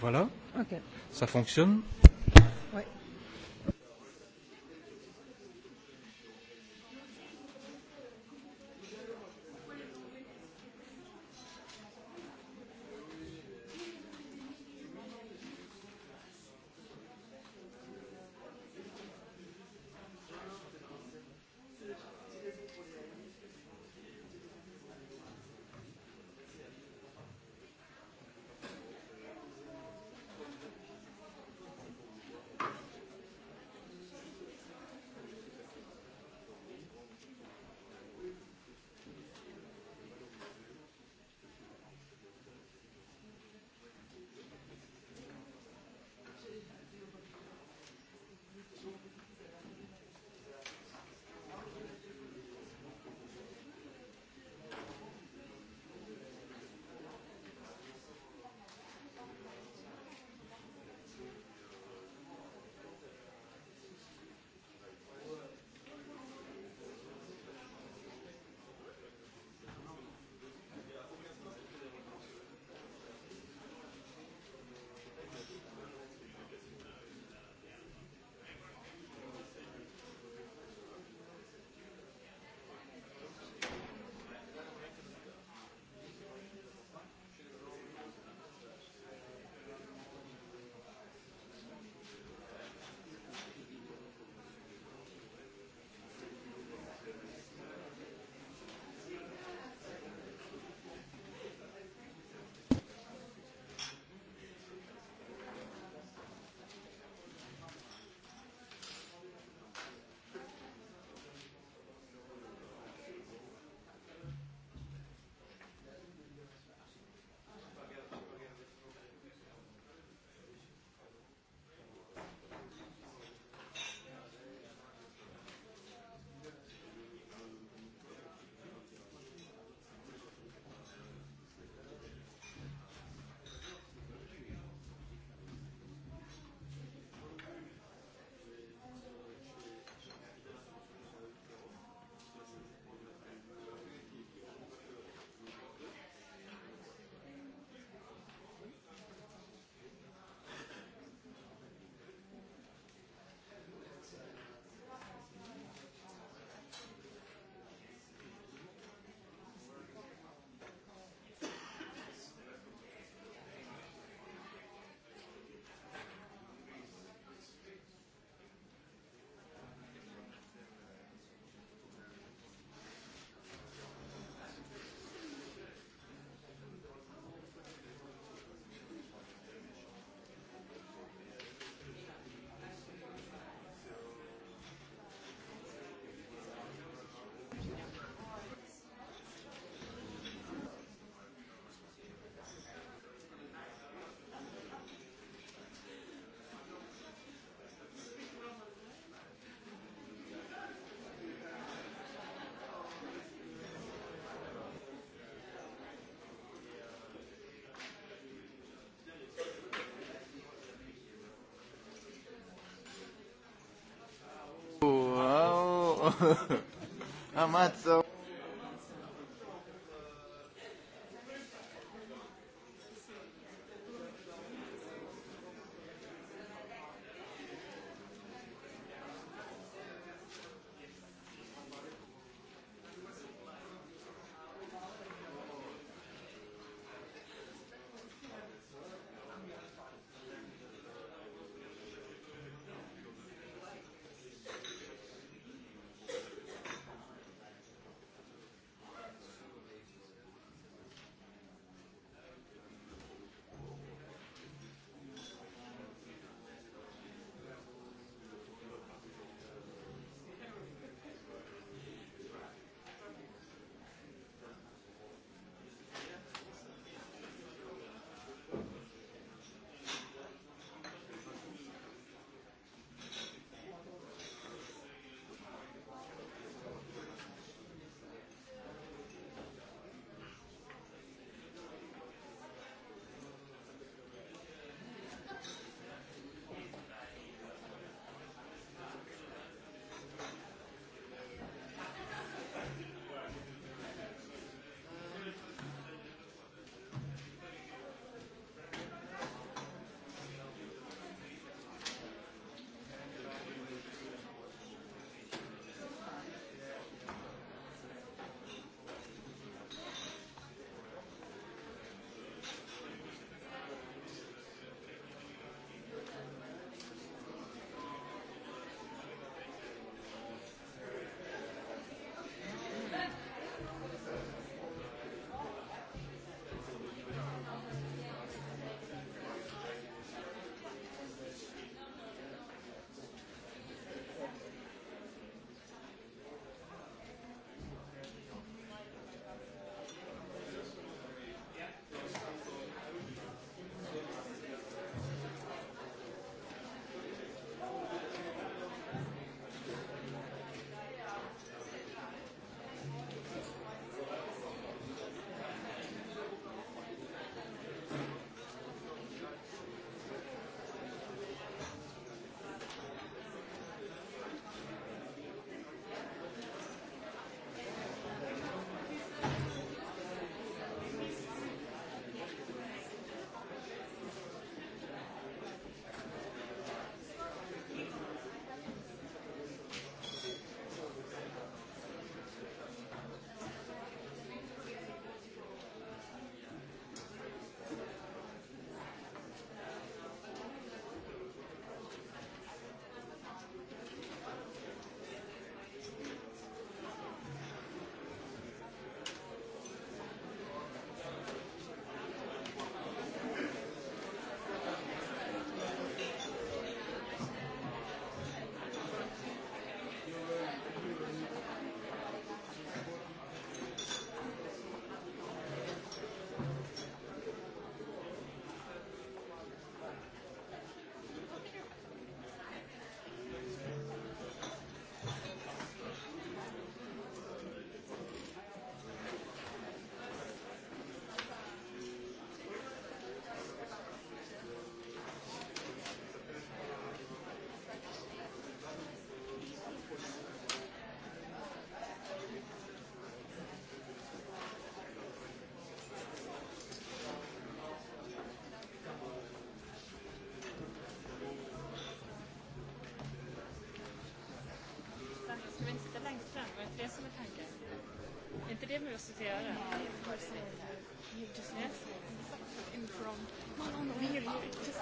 Voilà. Ça fonctionne. Amazzo. som tankar? Är inte det möjligt att göra? Man, on the wheel, just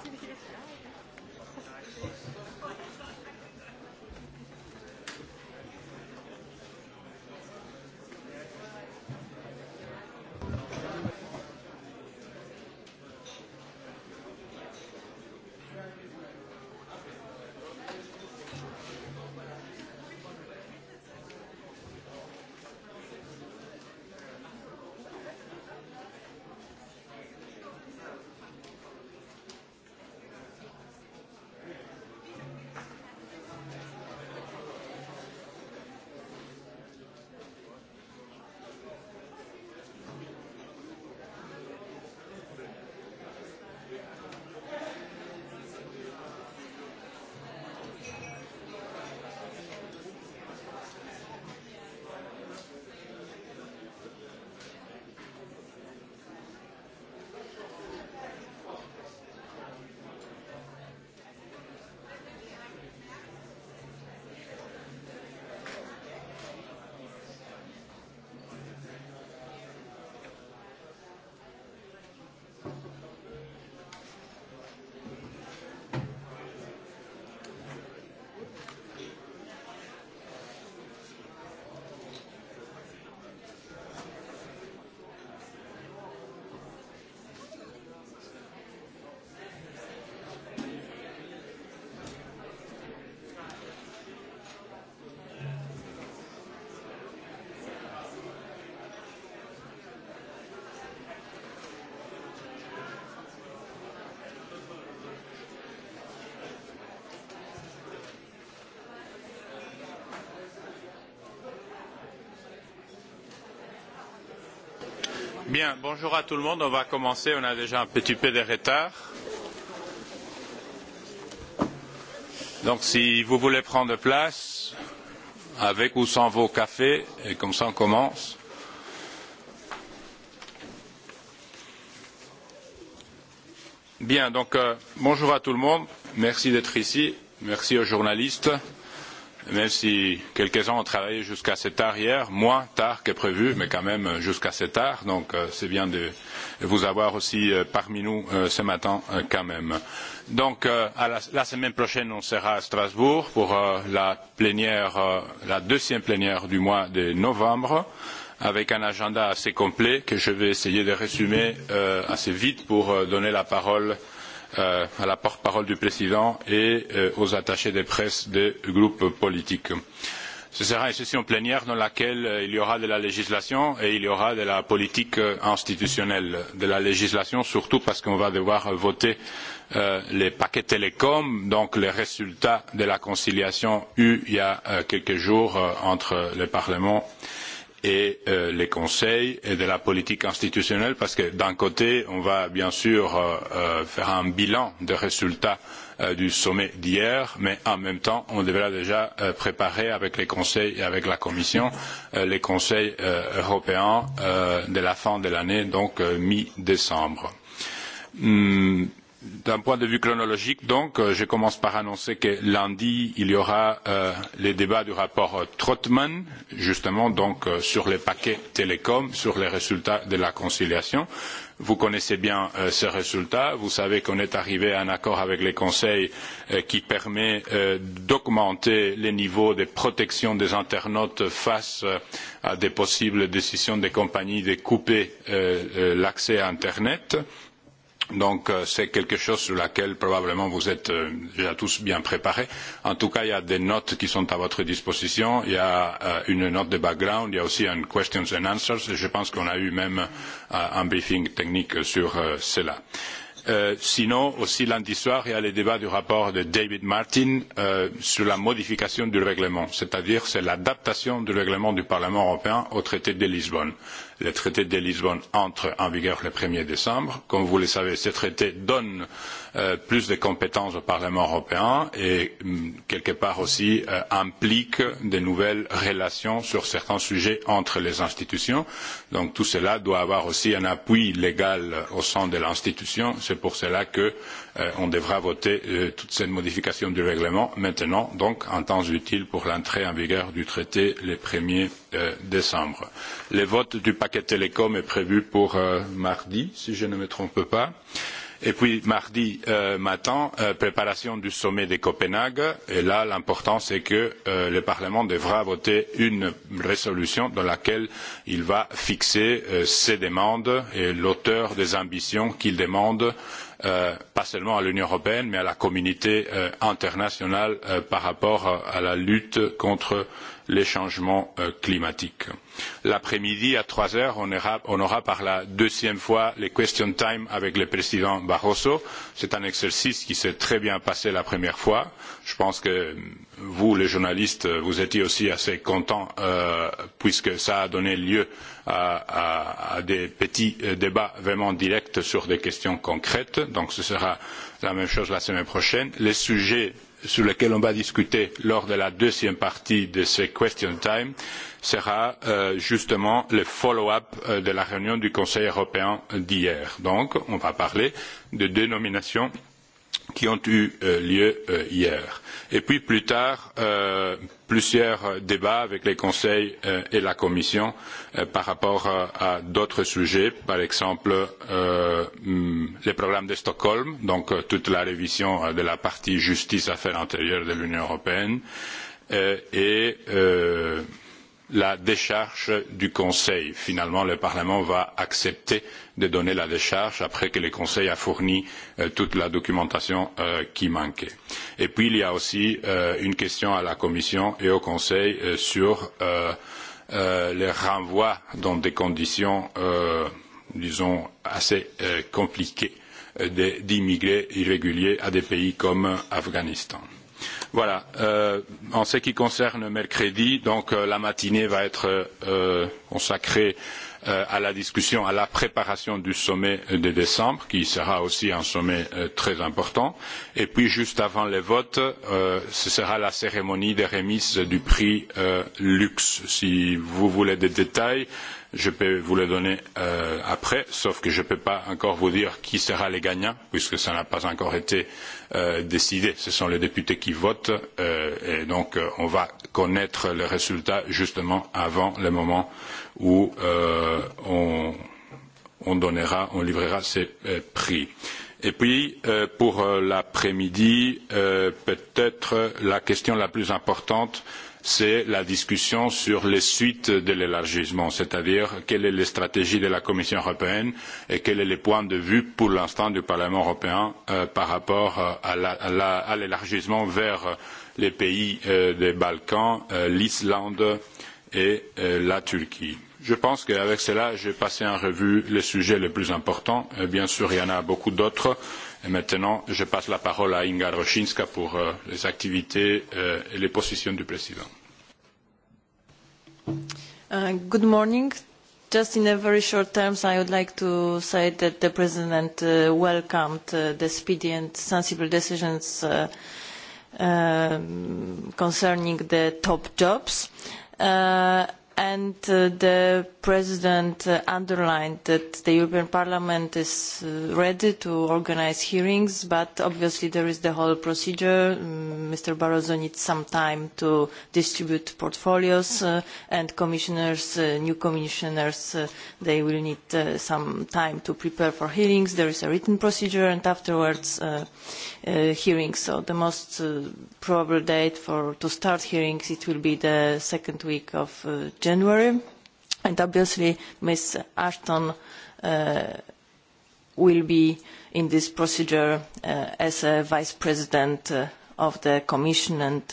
Bien, bonjour à tout le monde. On va commencer. On a déjà un petit peu de retard. Donc, si vous voulez prendre place, avec ou sans vos cafés, et comme ça on commence. Bien, donc euh, bonjour à tout le monde. Merci d'être ici. Merci aux journalistes même si quelques-uns ont travaillé jusqu'à assez tard hier, moins tard que prévu, mais quand même jusqu'à assez tard. Donc c'est bien de vous avoir aussi parmi nous ce matin quand même. Donc la, semaine prochaine, on sera à Strasbourg pour la, plénière, la deuxième plénière du mois de novembre avec un agenda assez complet que je vais essayer de résumer assez vite pour donner la parole à la porte-parole du président et aux attachés de presse des groupes politiques. Ce sera une session plénière dans laquelle il y aura de la législation et il y aura de la politique institutionnelle. De la législation surtout parce qu'on va devoir voter les paquets télécoms, donc les résultats de la conciliation eue il y a quelques jours entre le Parlement et et les conseils et de la politique institutionnelle parce que d'un côté, on va bien sûr faire un bilan des résultats du sommet d'hier, mais en même temps, on devra déjà préparer avec les conseils et avec la Commission les conseils européens de la fin de l'année, donc mi-décembre D'un point de vue chronologique, donc, je commence par annoncer que lundi, il y aura les débats du rapport Trottmann, justement, donc, sur les paquets télécom, sur les résultats de la conciliation. Vous connaissez bien ces résultats. Vous savez qu'on est arrivé à un accord avec le Conseil qui permet d'augmenter les niveaux de protection des internautes face à de possibles décisions des compagnies de couper l'accès à Internet. Euh, Donc c'est quelque chose sur laquelle probablement vous êtes déjà tous bien préparés. En tout cas, il y a des notes qui sont à votre disposition. Il y a une note de background, il y a aussi un questions and answers. Et je pense qu'on a eu même un briefing technique sur cela. sinon, aussi lundi soir, il y a le débat du rapport de David Martin sur la modification du règlement, c'est-à-dire c'est l'adaptation du règlement du Parlement européen au traité de Lisbonne. Le traité de Lisbonne entre en vigueur le 1er décembre. Comme vous le savez, ce traité donne plus de compétences au Parlement européen et quelque part aussi implique de nouvelles relations sur certains sujets entre les institutions. Donc tout cela doit avoir aussi un appui légal au sein de l'institution. C'est pour cela que on devra voter toute cette modification du règlement maintenant, donc en temps utile pour l'entrée en vigueur du traité le 1er décembre. Le vote du paquet télécom est prévu pour mardi, si je ne me trompe pas. Et puis mardi matin, préparation du sommet de Copenhague. Et là, l'important, c'est que le Parlement devra voter une résolution dans laquelle il va fixer ses demandes et l'auteur des ambitions qu'il demande, pas seulement à l'Union européenne, mais à la communauté internationale par rapport à la lutte contre les changements climatiques. L'après-midi, à trois heures, on aura, par la deuxième fois les question time avec le président Barroso. C'est un exercice qui s'est très bien passé la première fois. Je pense que vous, les journalistes, vous étiez aussi assez contents puisque cela a donné lieu à, des petits débats vraiment directs sur des questions concrètes. Donc ce sera la même chose la semaine prochaine. Les sujets sur lesquels on va discuter lors de la deuxième partie de ce question time sera justement le follow-up de la réunion du Conseil européen d'hier. Donc on va parler de deux nominations qui ont eu lieu hier. Et puis plus tard, plusieurs débats avec les conseils et la commission par rapport à, d'autres sujets, par exemple les programmes de Stockholm, donc toute la révision de la partie justice affaires intérieures de l'Union européenne et la décharge du Conseil. Finalement, le Parlement va accepter de donner la décharge après que le Conseil a fourni toute la documentation qui manquait. Et puis, il y a aussi une question à la Commission et au Conseil sur le renvoi dans des conditions, disons, assez compliquées d'immigrés irréguliers à des pays comme l'Afghanistan. Voilà. en ce qui concerne mercredi, donc la matinée va être consacrée à la discussion, à la préparation du sommet de décembre, qui sera aussi un sommet très important. Et puis, juste avant les votes, ce sera la cérémonie de remise du prix luxe, Si vous voulez des détails, Je peux vous le donner après, sauf que je ne peux pas encore vous dire qui sera les gagnants, puisque ça n'a pas encore été décidé. Ce sont les députés qui votent, et donc on va connaître le résultat justement avant le moment où on, donnera, on livrera ces prix. Et puis, pour l'après-midi, peut-être la question la plus importante, euh, c'est la discussion sur les suites de l'élargissement, c'est-à-dire quelle est la stratégie de la Commission européenne et quel est le point de vue pour l'instant du Parlement européen par rapport à l'élargissement vers les pays des Balkans, l'Islande et la Turquie. Je pense qu'avec cela, j'ai passé en revue les sujets les plus importants. Bien sûr, il y en a beaucoup d'autres maintenant, je passe la parole à Inga Roshinska pour les activités et les positions du président. good morning. Just in a very short terms, I would like to say that the President welcomed the speedy and sensible decisions concerning the top jobs and the president underlined that the european parliament is ready to organise hearings but obviously there is the whole procedure mr barroso needs some time to distribute portfolios and commissioners new commissioners they will need some time to prepare for hearings there is a written procedure and afterwards hearings so the most probable date to start hearings will be the second week of January. And obviously, Ms. Ashton will be in this procedure as a Vice President of the Commission and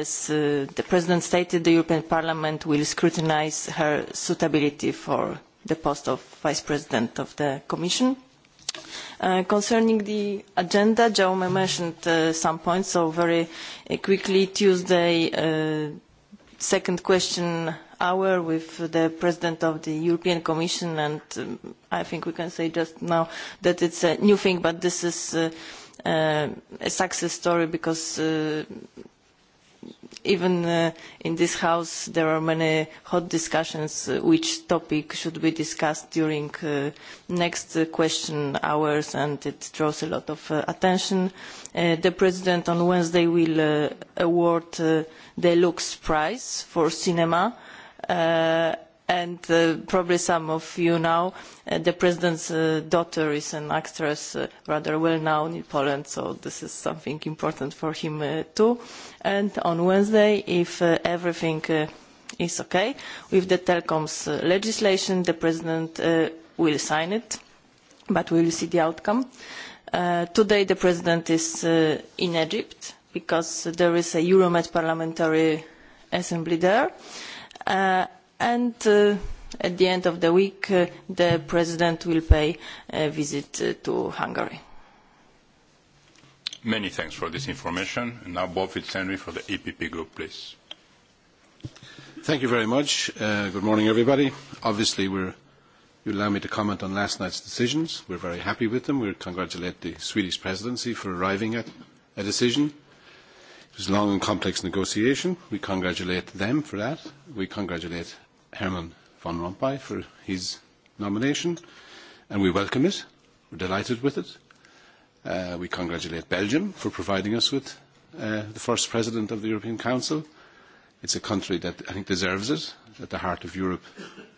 as the President stated, the European Parliament will scrutinise her suitability for the post of Vice President of the Commission. concerning the agenda, Jaume mentioned some points, so very quickly, Tuesday, second question hour with the president of the European Commission, and I think we can say just now that it's a new thing, but this is a success story because even in this house there are many hot discussions uh, which topic should be discussed during uh, next question hours and it draws a lot of attention. the President on Wednesday will award the Lux Prize for cinema and probably some of you know the president's daughter is an actress rather well known in Poland, so this is something important for him too. And on Wednesday, if everything is okay with the telecoms legislation, the president will sign it, but we will see the outcome. today, the president is in Egypt because there is a Euromed parliamentary assembly there and at the end of the week the president will pay a visit to Hungary. Many thanks for this information. And now Bob Fitzhenry for the EPP group, please. Thank you very much. good morning, everybody. Obviously, we're, you allow me to comment on last night's decisions. We're very happy with them. We congratulate the Swedish presidency for arriving at a decision. It was a long and complex negotiation. We congratulate them for that. We congratulate Herman Van Rompuy for his nomination, and we welcome it. We're delighted with it. Uh, we congratulate Belgium for providing us with uh, the first president of the European Council. It's a country that I think deserves it, at the heart of Europe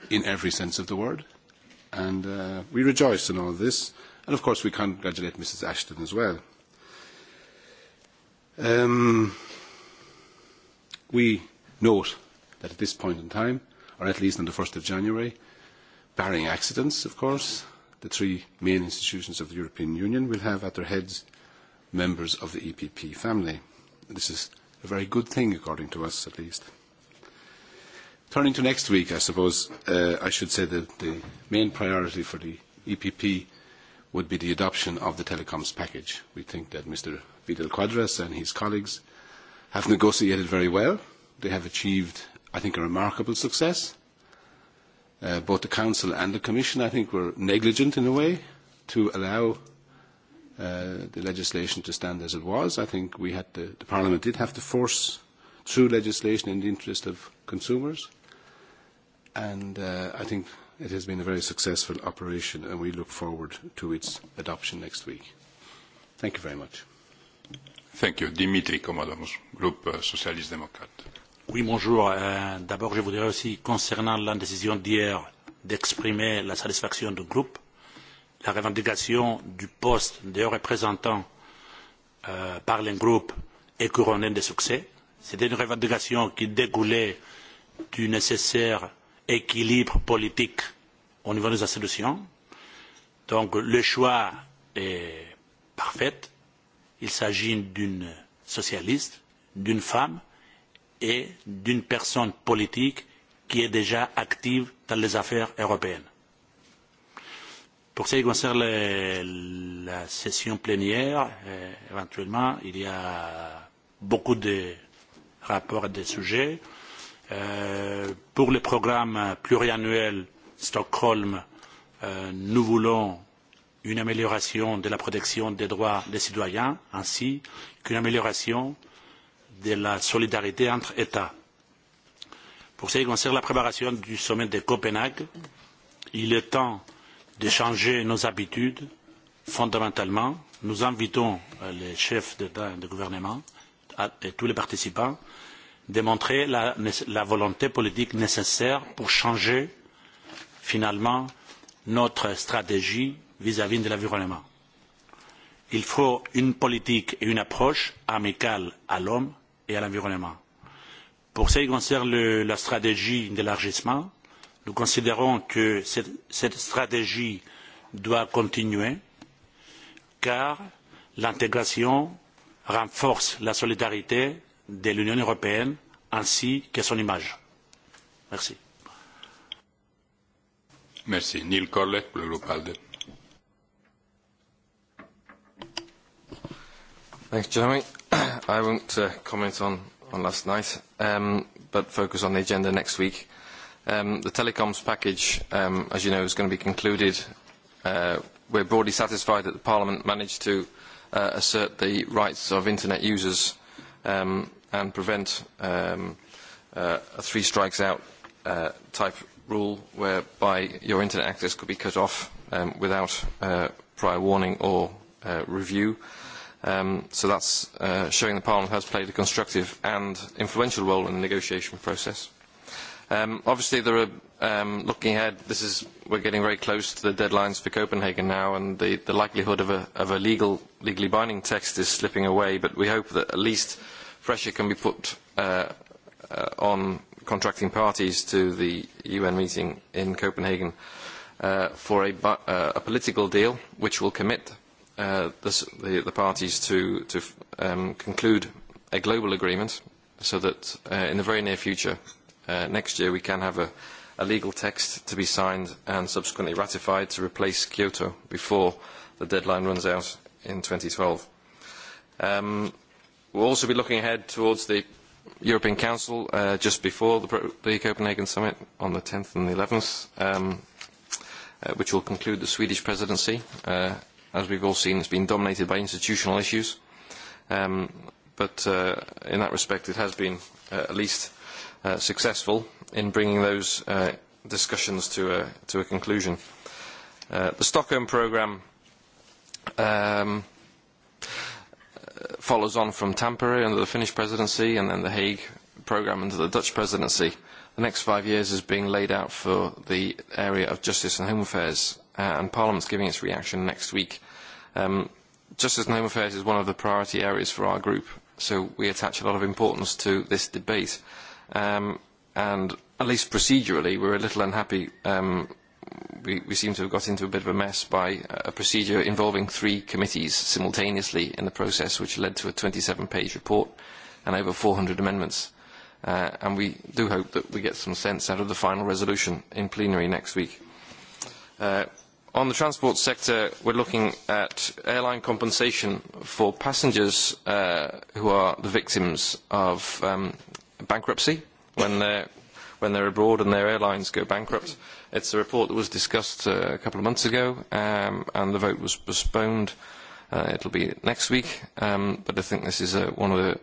in every sense of the word. And uh, we rejoice in all of this. And of course, we congratulate Mrs. Ashton as well. Um, we note that at this point in time, or at least on the 1st of January, barring accidents, of course. The three main institutions of the European Union will have at their heads members of the EPP family. This is a very good thing, according to us at least. Turning to next week, I suppose I should say that the main priority for the EPP would be the adoption of the telecoms package. We think that Mr. Vidal Quadras and his colleagues have negotiated very well. They have achieved I think, a remarkable success. Uh, both the Council and the Commission, I think, were negligent in a way to allow uh, the legislation to stand as it was. I think we had to, the Parliament did have to force through legislation in the interest of consumers. And uh, I think it has been a very successful operation, and we look forward to its adoption next week. Thank you very much. Thank you. Dimitri Group Socialist Democrat. Oui, bonjour. D'abord, je voudrais aussi, concernant la décision d'hier, d'exprimer la satisfaction du groupe. La revendication du poste de représentant par le groupe est couronnée de succès. C'était une revendication qui découlait du nécessaire équilibre politique au niveau des institutions. Donc le choix est parfait. Il s'agit d'une socialiste, d'une femme, et d'une personne politique qui est déjà active dans les affaires européennes. Pour ce qui concerne la session plénière, éventuellement, il y a beaucoup de rapports et de sujets. pour le programme pluriannuel Stockholm, nous voulons une amélioration de la protection des droits des citoyens, ainsi qu'une amélioration euh, de la solidarité entre États. Pour ce qui concerne la préparation du sommet de Copenhague, il est temps de changer nos habitudes fondamentalement. Nous invitons les chefs d'État et de gouvernement et tous les participants de montrer la, volonté politique nécessaire pour changer finalement notre stratégie vis à vis de l'environnement. Il faut une politique et une approche amicale à l'homme et à l'environnement. Pour ce qui concerne la stratégie d'élargissement, nous considérons que cette, stratégie doit continuer car l'intégration renforce la solidarité de l'Union européenne ainsi que son image. Merci. Merci. Neil Corlett pour le Thanks, Jeremy. I won't uh, comment on, on last night, um, but focus on the agenda next week. Um, the telecoms package, um, as you know, is going to be concluded. Uh, we're broadly satisfied that the Parliament managed to uh, assert the rights of Internet users um, and prevent um, uh, a three strikes out uh, type rule whereby your Internet access could be cut off um, without uh, prior warning or uh, review so that's uh, showing that Parliament has played a constructive and influential role in the negotiation process. obviously, there are, looking ahead, this is, we're getting very close to the deadlines for Copenhagen now, and the, the likelihood of a, of a legal, legally binding text is slipping away, but we hope that at least pressure can be put uh, uh, on contracting parties to the UN meeting in Copenhagen uh, for a, uh, a political deal which will commit uh, the, the parties to, to um, conclude a global agreement so that uh, in the very near future, uh, next year, we can have a, a legal text to be signed and subsequently ratified to replace Kyoto before the deadline runs out in 2012. Um, we'll also be looking ahead towards the European Council uh, just before the, the Copenhagen Summit on the 10th and the 11th, um, uh, which will conclude the Swedish presidency. Uh, as we've all seen, it's been dominated by institutional issues. Um, but uh, in that respect, it has been uh, at least uh, successful in bringing those uh, discussions to a, to a conclusion. Uh, the Stockholm programme um, follows on from Tampere under the Finnish presidency and then the Hague programme under the Dutch presidency. The next five years is being laid out for the area of justice and home affairs, uh, and Parliament's giving its reaction next week Justice and Home Affairs is one of the priority areas for our group, so we attach a lot of importance to this debate. and at least procedurally, we're a little unhappy. we, we seem to have got into a bit of a mess by a procedure involving three committees simultaneously in the process, which led to a 27-page report and over 400 amendments. and we do hope that we get some sense out of the final resolution in plenary next week On the transport sector, we're looking at airline compensation for passengers uh, who are the victims of um, bankruptcy when they're, when they're abroad and their airlines go bankrupt. It's a report that was discussed uh, a couple of months ago um, and the vote was postponed. Uh, it'll be next week, um, but I think this is a, one, of the,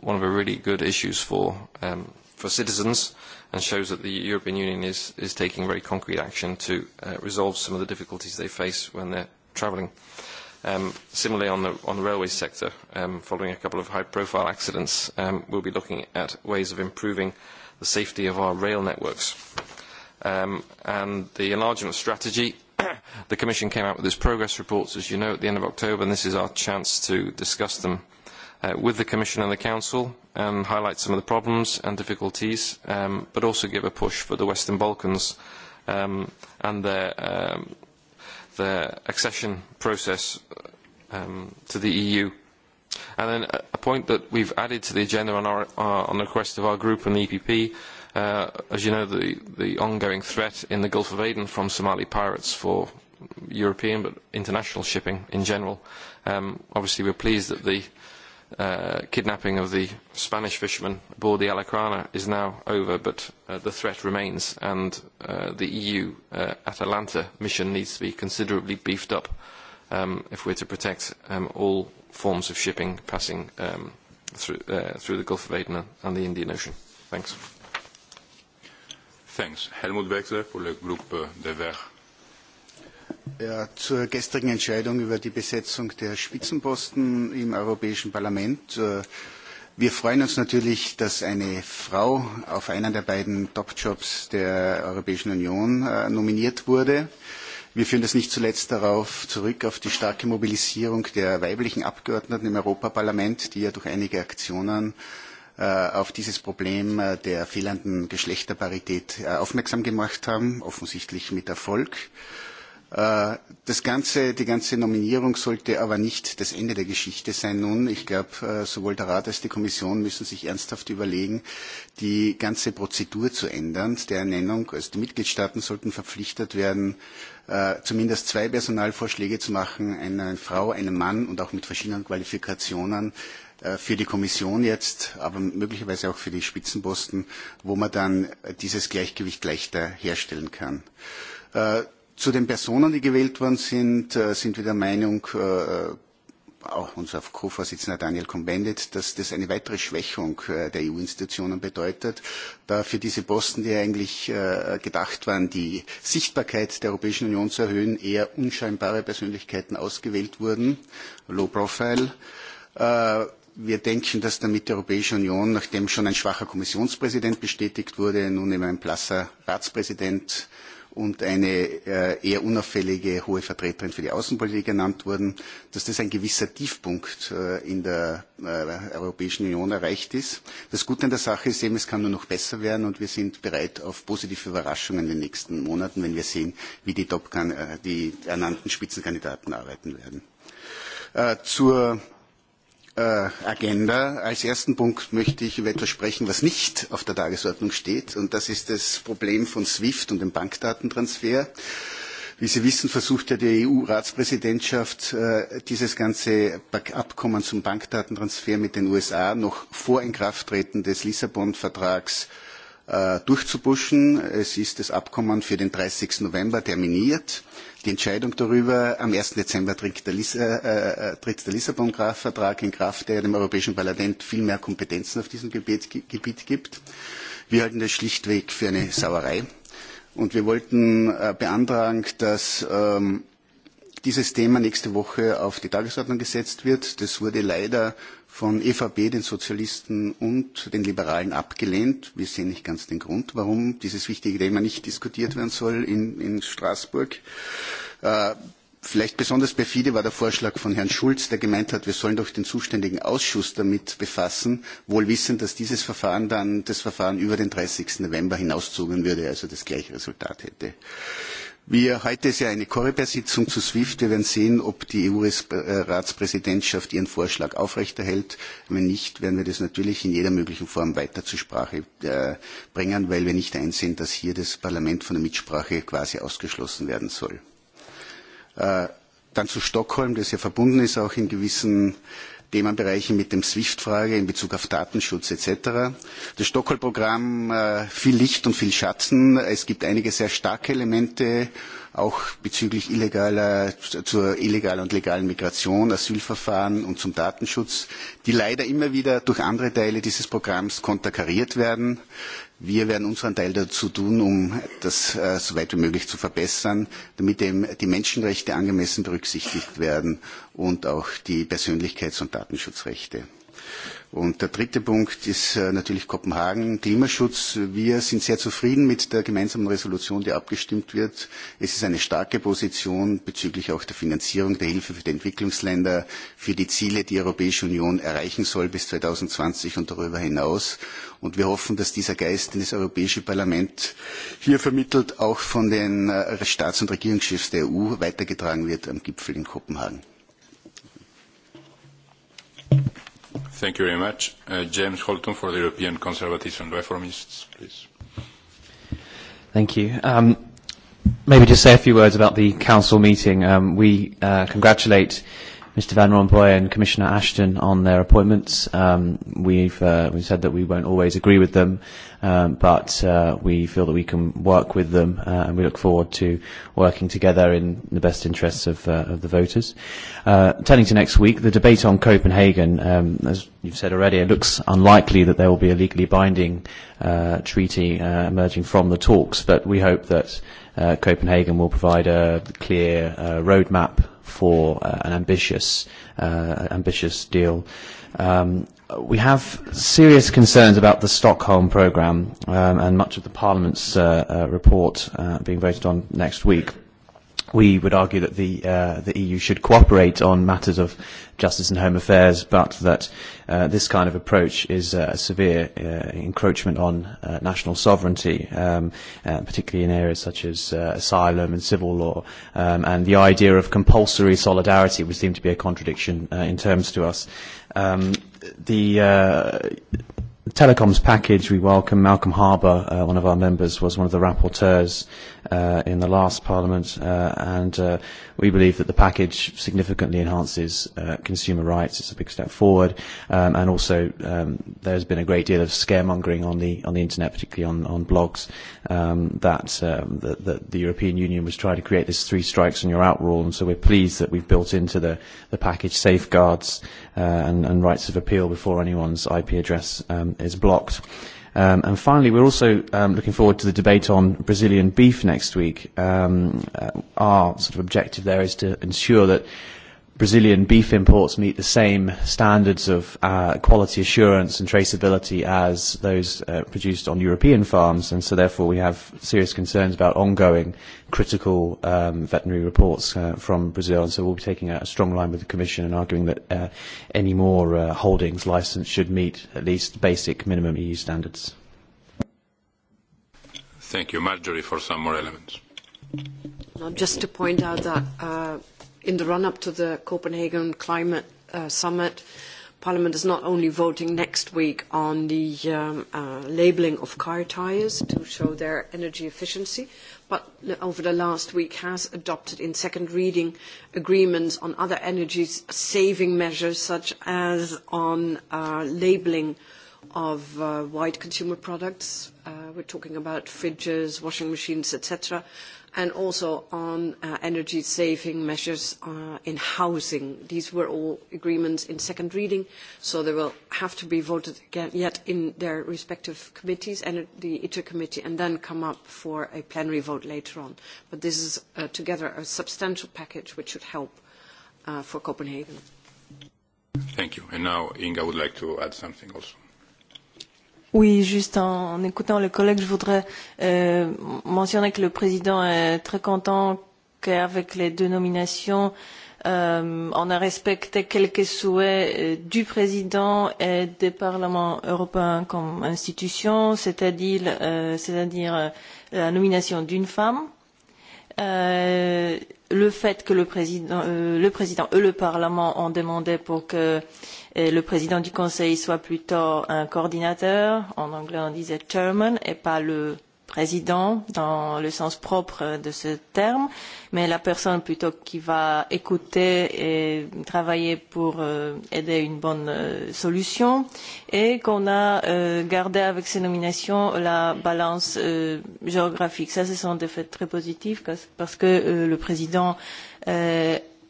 one of the really good issues for um, for citizens and shows that the European Union is, is taking very concrete action to uh, resolve some of the difficulties they face when they're travelling. Um, similarly, on the, on the railway sector, um, following a couple of high-profile accidents, um, we'll be looking at ways of improving the safety of our rail networks. Um, and the enlargement strategy, the Commission came out with its progress reports, as you know, at the end of October, and this is our chance to discuss them with the Commission and the Council, and highlight some of the problems and difficulties, um, but also give a push for the Western Balkans um, and their, um, their accession process um, to the EU. And then a point that we've added to the agenda on, our, uh, on the request of our group and the EPP, uh, as you know, the, the ongoing threat in the Gulf of Aden from Somali pirates for European but international shipping in general. Um, obviously, we're pleased that the uh, kidnapping of the Spanish fishermen aboard the Alacrana is now over, but uh, the threat remains, and uh, the EU uh, Atalanta mission needs to be considerably beefed up um, if we're to protect um, all forms of shipping passing um, through, uh, through the Gulf of Aden and the Indian Ocean. Thanks. Thanks. Helmut Wechsler pour le groupe De Verts zur gestrigen Entscheidung über die Besetzung der Spitzenposten im Europäischen Parlament. Wir freuen uns natürlich, dass eine Frau auf einer der beiden Top-Jobs der Europäischen Union nominiert wurde. Wir führen das nicht zuletzt darauf zurück, auf die starke Mobilisierung der weiblichen Abgeordneten im Europaparlament, die ja durch einige Aktionen auf dieses Problem der fehlenden Geschlechterparität aufmerksam gemacht haben, offensichtlich mit Erfolg. Das ganze, die ganze Nominierung sollte aber nicht das Ende der Geschichte sein nun. Ich glaube, sowohl der Rat als die Kommission müssen sich ernsthaft überlegen, die ganze Prozedur zu ändern, der Ernennung. Also die Mitgliedstaaten sollten verpflichtet werden, zumindest zwei Personalvorschläge zu machen, eine Frau, einen Mann und auch mit verschiedenen Qualifikationen für die Kommission jetzt, aber möglicherweise auch für die Spitzenposten, wo man dann dieses Gleichgewicht leichter herstellen kann. Zu den Personen, die gewählt worden sind, sind wir der Meinung, auch unser Co-Vorsitzender Daniel Combendit, dass das eine weitere Schwächung der EU-Institutionen bedeutet, da für diese Posten, die eigentlich gedacht waren, die Sichtbarkeit der Europäischen Union zu erhöhen, eher unscheinbare Persönlichkeiten ausgewählt wurden, low profile. Wir denken, dass damit die Europäische Union, nachdem schon ein schwacher Kommissionspräsident bestätigt wurde, nun eben ein blasser Ratspräsident äh, und eine eher unauffällige hohe Vertreterin für die Außenpolitik ernannt wurden, dass das ein gewisser Tiefpunkt in der Europäischen Union erreicht ist. Das Gute an der Sache ist eben, es kann nur noch besser werden und wir sind bereit auf positive Überraschungen in den nächsten Monaten, wenn wir sehen, wie die, Top die ernannten Spitzenkandidaten arbeiten werden. Zur Agenda. Als ersten Punkt möchte ich über etwas sprechen, was nicht auf der Tagesordnung steht, und das ist das Problem von SWIFT und dem Bankdatentransfer. Wie Sie wissen, versucht ja die EU-Ratspräsidentschaft, dieses ganze Abkommen zum Bankdatentransfer mit den USA noch vor Inkrafttreten des Lissabon-Vertrags durchzupuschen. Es ist das Abkommen für den 30. November terminiert. Die Entscheidung darüber, am 1. Dezember tritt der, Lissabon-Vertrag in Kraft, der dem Europäischen Parlament viel mehr Kompetenzen auf diesem Gebiet gibt. Wir halten das schlichtweg für eine Sauerei. Und wir wollten beantragen, dass dieses Thema nächste Woche auf die Tagesordnung gesetzt wird. Das wurde leider von EVP, den Sozialisten und den Liberalen abgelehnt. Wir sehen nicht ganz den Grund, warum dieses wichtige Thema nicht diskutiert werden soll in, in Straßburg. Äh, vielleicht besonders perfide war der Vorschlag von Herrn Schulz, der gemeint hat, wir sollen doch den zuständigen Ausschuss damit befassen, wohl wissend, dass dieses Verfahren dann das Verfahren über den 30. November hinauszögern würde, also das gleiche Resultat hätte. Wir, heute ist ja eine Korrepersitzung zu SWIFT. Wir werden sehen, ob die EU-Ratspräsidentschaft ihren Vorschlag aufrechterhält. Wenn nicht, werden wir das natürlich in jeder möglichen Form weiter zur Sprache bringen, weil wir nicht einsehen, dass hier das Parlament von der Mitsprache quasi ausgeschlossen werden soll. dann zu Stockholm, das ja verbunden ist auch in gewissen äh, Themenbereichen mit dem SWIFT-Frage in Bezug auf Datenschutz etc. Das Stockholm-Programm viel Licht und viel Schatten. Es gibt einige sehr starke Elemente, auch bezüglich illegaler, zur illegalen und legalen Migration, Asylverfahren und zum Datenschutz, die leider immer wieder durch andere Teile dieses Programms konterkariert werden. Wir werden unseren Teil dazu tun, um das äh, so weit wie möglich zu verbessern, damit eben die Menschenrechte angemessen berücksichtigt werden und auch die Persönlichkeits- und Datenschutzrechte. Und der dritte Punkt ist natürlich Kopenhagen. Klimaschutz. Wir sind sehr zufrieden mit der gemeinsamen Resolution, die abgestimmt wird. Es ist eine starke Position bezüglich auch der Finanzierung der Hilfe für die Entwicklungsländer, für die Ziele, die die Europäische Union erreichen soll bis 2020 und darüber hinaus. Und wir hoffen, dass dieser Geist, den das Europäische Parlament hier vermittelt, auch von den Staats- und Regierungschefs der EU weitergetragen wird am Gipfel in Kopenhagen. Thank you very much. James Holton for the European Conservatives and Reformists, please. Thank you. Um, maybe just say a few words about the council meeting. Um, we uh, congratulate Mr Van Rompuy and Commissioner Ashton on their appointments. Um, we've, uh, we've said that we won't always agree with them, um, but uh, we feel that we can work with them uh, and we look forward to working together in the best interests of, uh, of the voters. Uh, turning to next week, the debate on Copenhagen, um, as you've said already, it looks unlikely that there will be a legally binding uh, treaty uh, emerging from the talks, but we hope that uh, Copenhagen will provide a clear uh, roadmap for uh, an ambitious, uh, ambitious deal. Um, we have serious concerns about the Stockholm programme um, and much of the Parliament's uh, uh, report uh, being voted on next week We would argue that the, uh, the EU should cooperate on matters of justice and home affairs, but that uh, this kind of approach is uh, a severe uh, encroachment on uh, national sovereignty, um, uh, particularly in areas such as uh, asylum and civil law. Um, and the idea of compulsory solidarity would seem to be a contradiction uh, in terms to us. Um, the uh, telecoms package we welcome. Malcolm Harbour, uh, one of our members, was one of the rapporteurs uh, in the last Parliament, uh, and uh, we believe that the package significantly enhances uh, consumer rights. It's a big step forward, um, and also um, there's been a great deal of scaremongering on the on the internet, particularly on on blogs, um, that, um, that that the European Union was trying to create this three strikes and you're out rule, and so we're pleased that we've built into the the package safeguards uh, and, and rights of appeal before anyone's IP address um, is blocked. Um, and finally, we're also um, looking forward to the debate on Brazilian beef next week. Um, uh, our sort of objective there is to ensure that Brazilian beef imports meet the same standards of uh, quality assurance and traceability as those uh, produced on European farms, and so therefore we have serious concerns about ongoing critical um, veterinary reports uh, from Brazil, and so we'll be taking a strong line with the Commission and arguing that uh, any more uh, holdings licensed should meet at least basic minimum EU standards. Thank you. Marjorie, for some more elements. Just to point out that uh, in the run-up to the Copenhagen Climate Summit, Parliament is not only voting next week on the labelling of car tyres to show their energy efficiency, but over the last week has adopted in second reading agreements on other energy saving measures such as on labelling of uh, wide consumer products. Uh, we're talking about fridges, washing machines, etc and also on energy saving measures in housing. These were all agreements in second reading, so they will have to be voted again yet in their respective committees and the ITER committee and then come up for a plenary vote later on. But this is together a substantial package which should help for Copenhagen. Thank you. And now Inga would like to add something also. Oui, juste en, en écoutant les collègues, je voudrais euh, mentionner que le président est très content qu'avec les deux nominations, euh, on a respecté quelques souhaits euh, du président et des parlements européens comme institution, c'est-à-dire euh, euh, la nomination d'une femme. Euh, le fait que le président, euh, le président et le Parlement ont demandé pour que le président du Conseil soit plutôt un coordinateur, en anglais on disait chairman, et pas le président dans le sens propre de ce terme, mais la personne plutôt qui va écouter et travailler pour aider une bonne solution et qu'on a gardé avec ces nominations la balance géographique. Ça, ce sont des faits très positifs parce que le président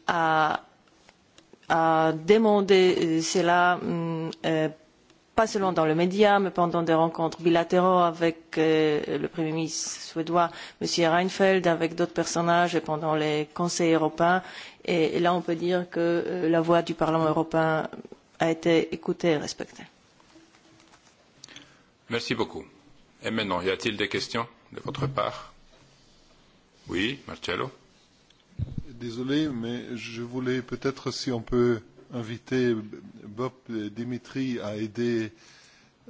a a demandé cela pas seulement dans les médias, mais pendant des rencontres bilatéraux avec le Premier ministre suédois, M. Reinfeldt, avec d'autres personnages et pendant les conseils européens. Et, là, on peut dire que la voix du Parlement européen a été écoutée et respectée. Merci beaucoup. Et maintenant, y a-t-il des questions de votre part Oui, Marcello désolé, mais je voulais peut-être, si on peut inviter Bob et Dimitri à aider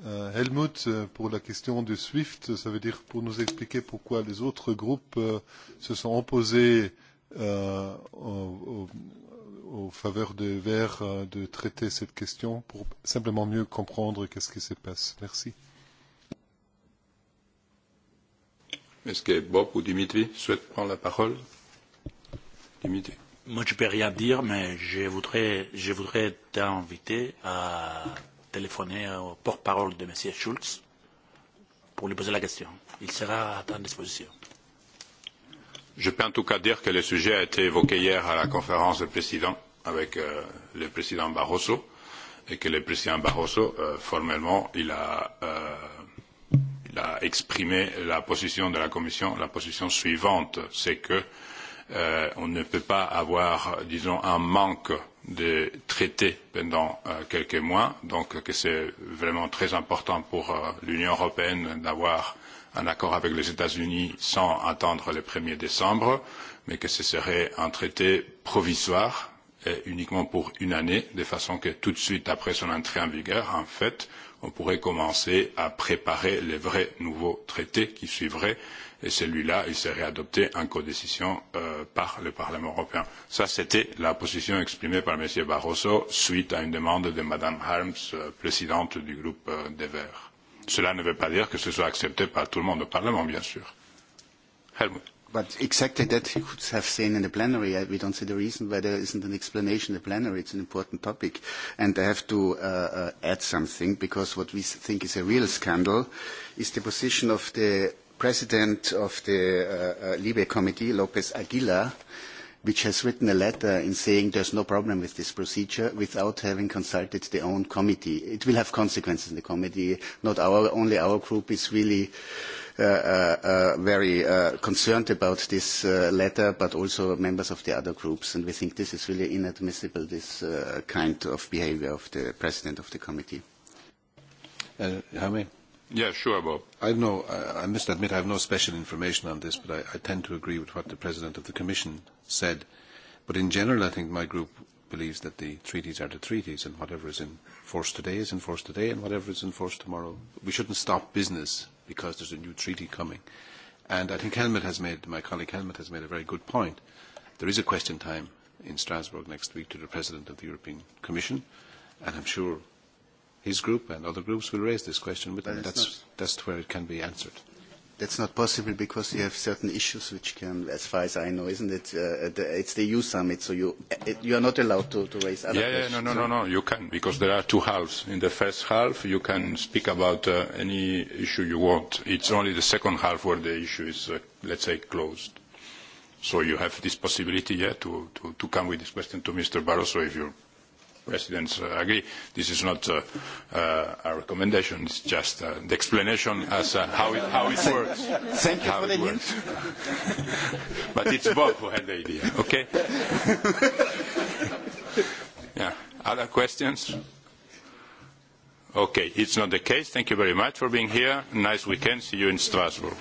Helmut pour la question de SWIFT, ça veut dire pour nous expliquer pourquoi les autres groupes se sont opposés en faveur des Verts de traiter cette question pour simplement mieux comprendre qu'est-ce qui se passe. Merci. Est-ce que Bob ou Dimitri souhaitent prendre la parole limité. Moi, je ne peux rien dire, mais je voudrais, je voudrais t'inviter à téléphoner au porte-parole de M. Schulz pour lui poser la question. Il sera à ta disposition. Je peux en tout cas dire que le sujet a été évoqué hier à la conférence des présidents avec euh, le président Barroso et que le président Barroso, euh, formellement, il a, euh, il a exprimé la position de la Commission. La position suivante, c'est que euh, on ne peut pas avoir, disons, un manque de traités pendant quelques mois, donc que c'est vraiment très important pour l'Union européenne d'avoir un accord avec les États-Unis sans attendre le 1er décembre, mais que ce serait un traité provisoire uniquement pour une année, de façon que tout de suite après son entrée en vigueur, en fait, on pourrait commencer à préparer les vrais nouveaux traités qui suivraient, et celui-là, il serait adopté en codécision par le Parlement européen. Ça, c'était la position exprimée par M. Barroso suite à une demande de Mme Harms, présidente du groupe des Verts. Cela ne veut pas dire que ce soit accepté par tout le monde au Parlement, bien sûr. Helmut. But exactly that you could have seen in the plenary. We don't see the reason why there isn't an explanation in the plenary. It's an important topic. And I have to uh, uh, add something, because what we think is a real scandal is the position of the president of the uh, uh, Libe Committee, Lopez Aguila, which has written a letter in saying there's no problem with this procedure without having consulted their own committee. It will have consequences in the committee. Not our, only our group is really very concerned about this letter, but also members of the other groups. And we think this is really inadmissible, this kind of behaviour of the president of the committee. Jaime? Yeah, sure, Bob. I, no, I must admit I have no special information on this, but I, I tend to agree with what the President of the Commission said. But in general, I think my group believes that the treaties are the treaties, and whatever is in force today is in force today, and whatever is in force tomorrow. We shouldn't stop business because there's a new treaty coming. And I think Helmut has made, my colleague Helmut has made a very good point. There is a question time in Strasbourg next week to the President of the European Commission, and I'm sure his group and other groups will raise this question with them. That's, that's where it can be answered that's not possible because you have certain issues which can, as far as I know, isn't it? Uh, the, it's the EU summit, so you it, you are not allowed to, to raise other yeah, questions. Yeah, no, no, no, no, you can because there are two halves. In the first half, you can speak about uh, any issue you want. It's only the second half where the issue is, uh, let's say, closed. So you have this possibility, yeah, to, to, to come with this question to Mr. Barroso if you Presidents agree. This is not uh uh a recommendation, it's just uh the explanation as uh how it how it works. Thank you for the news. But it's Bob who had the idea, okay? Yeah. Other questions? Okay, it's not the case. Thank you very much for being here. Nice weekend. See you in Strasbourg.